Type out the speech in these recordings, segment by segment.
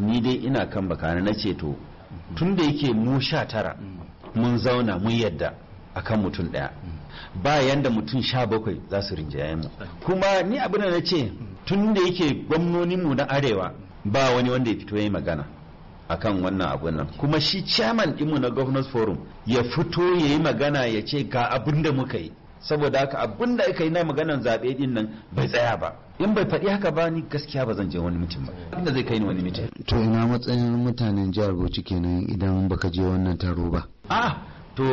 ni dai ina kan bakana na ceto to tun da yake mu sha tara mun zauna mun yadda kan mutum daya ba yanda mutum sha bakwai za su rinjaye mu kuma ni abin da na ce tun da yake gwamnoninmu na arewa ba wani wanda ya fito ya yi magana a kan wannan abu nan kuma shi chairman ɗinmu na governors forum ya fito ya yi magana ya ce ga abin da muka yi saboda haka abin da aka yi na maganan zaɓe ɗin nan bai tsaya ba in bai faɗi haka ba ni gaskiya ba zan je wani mutum ba inda zai kai ni wani mutum. to ina matsayin mutanen jihar Bauchi kenan idan baka je wannan taro ba a to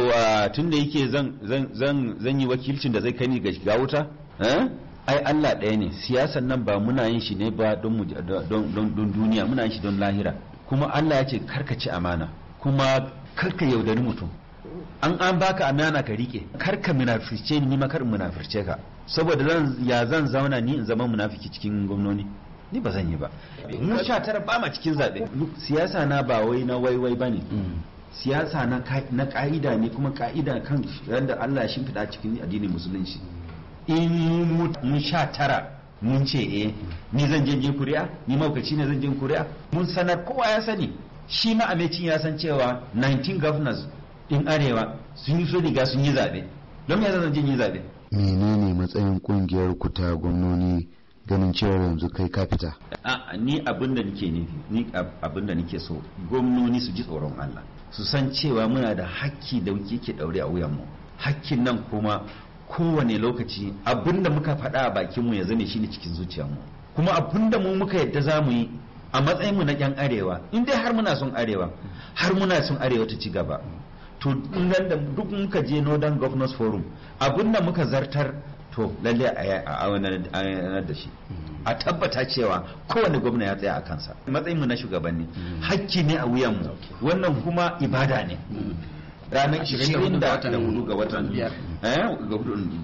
tun da yake zan zan yi wakilcin da zai kai ni ga shiga wuta eh? ai Allah ɗaya ne siyasan nan ba muna yin shi ne ba don don duniya muna yin shi don lahira kuma Allah ya ce karka ci amana kuma karka yaudari mutum an an baka amana ka rike kar ka munafirce ni ma kar munafirce ka saboda zan ya zan zauna ni in zama munafiki cikin gwamnoni ni ba zan yi ba mu sha tara ba ma cikin zabe siyasa na ba wai na waiwai bane mm. siyasa na na ka'ida ne kuma ka'ida kan randa Allah ya shimfiɗa cikin addinin musulunci in mu sha tara mun ce eh ni zan je je kuri'a ni maukaci ne zan je kuri'a mun sanar kowa ya sani shi ma amecin ya san cewa 19 governors din arewa sun so riga sun yi zaɓe don ya zan yi zaɓe menene matsayin kungiyar ku ta gwamnoni ganin cewa yanzu kai ka fita a ni abin da nake nufi ni abin da so gwamnoni su ji tsoron Allah su san cewa muna da hakki da ke daure a wuyan mu hakkin nan kuma kowane lokaci abinda muka faɗa a bakinmu mu ya zame shine cikin mu kuma abin da mu muka yadda za mu yi a matsayinmu na yan arewa in dai har muna son arewa har muna son arewa ta ci gaba to nan da duk muka je northern governors forum abin da muka zartar to lalle a yanar da shi a tabbata cewa kowane gwamna ya tsaya a kansa matsayinmu na shugabanni hakki ne a wuyanmu wannan kuma ibada ne ranar 24 eh, ga watan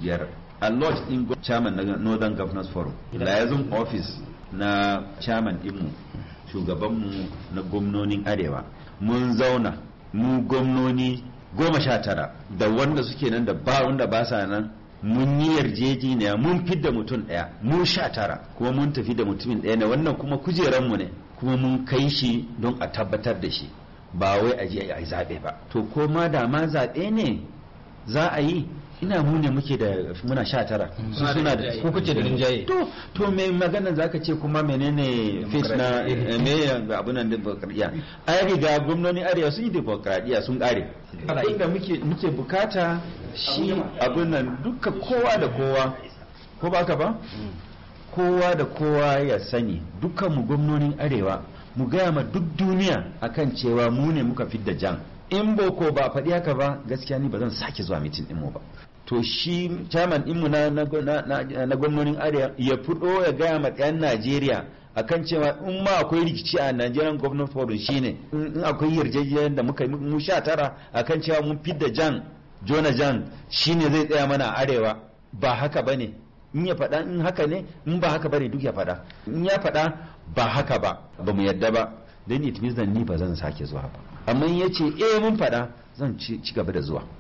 biyar a lodge in chairman na northern governors forum liaison office na chairman dinmu shugabanmu na gwamnonin arewa mun zauna mu gwamnoni goma sha tara da wanda suke nan da ba wanda ba sa nan mun yi ne mun fidda mutum ɗaya mu sha tara kuma mun tafi da mutumin ɗaya ne wannan kuma kujeranmu ne kuma mun kai shi don a tabbatar da shi ba wai a je a yi zaɓe ba to ko ma da ma zaɓe ne za a yi ina mu ne muke da muna sha tara su suna da ku kuke da rinjaye to to me magana zaka ce kuma menene face na me abun nan demokradiya ai riga gwamnoni arewa sun yi demokradiya sun kare inda muke muke bukata shi abun nan duka kowa da kowa ko ba ka ba kowa da kowa ya sani dukkan mu gwamnonin arewa mu gaya ma duk duniya akan cewa mu ne muka fidda jan in boko ba faɗi haka ba gaskiya ni ba zan sake zuwa mitin ɗin mu ba to shi chairman mu na na gwamnatin arewa ya fudo ya gaya ma ɗayan najeriya akan cewa in ma akwai rikici a nigerian governor forum shine in akwai yarjejeniyar da muka mu sha tara akan cewa mun fidda jan jona jan shine zai tsaya mana a arewa ba haka bane in ya faɗa in haka ne in ba haka bane duk ya faɗa in ya faɗa ba haka ba ba mu yadda ba dan it means ni ba zan sake zuwa ba amma in ce eh mun faɗa zan ci gaba da zuwa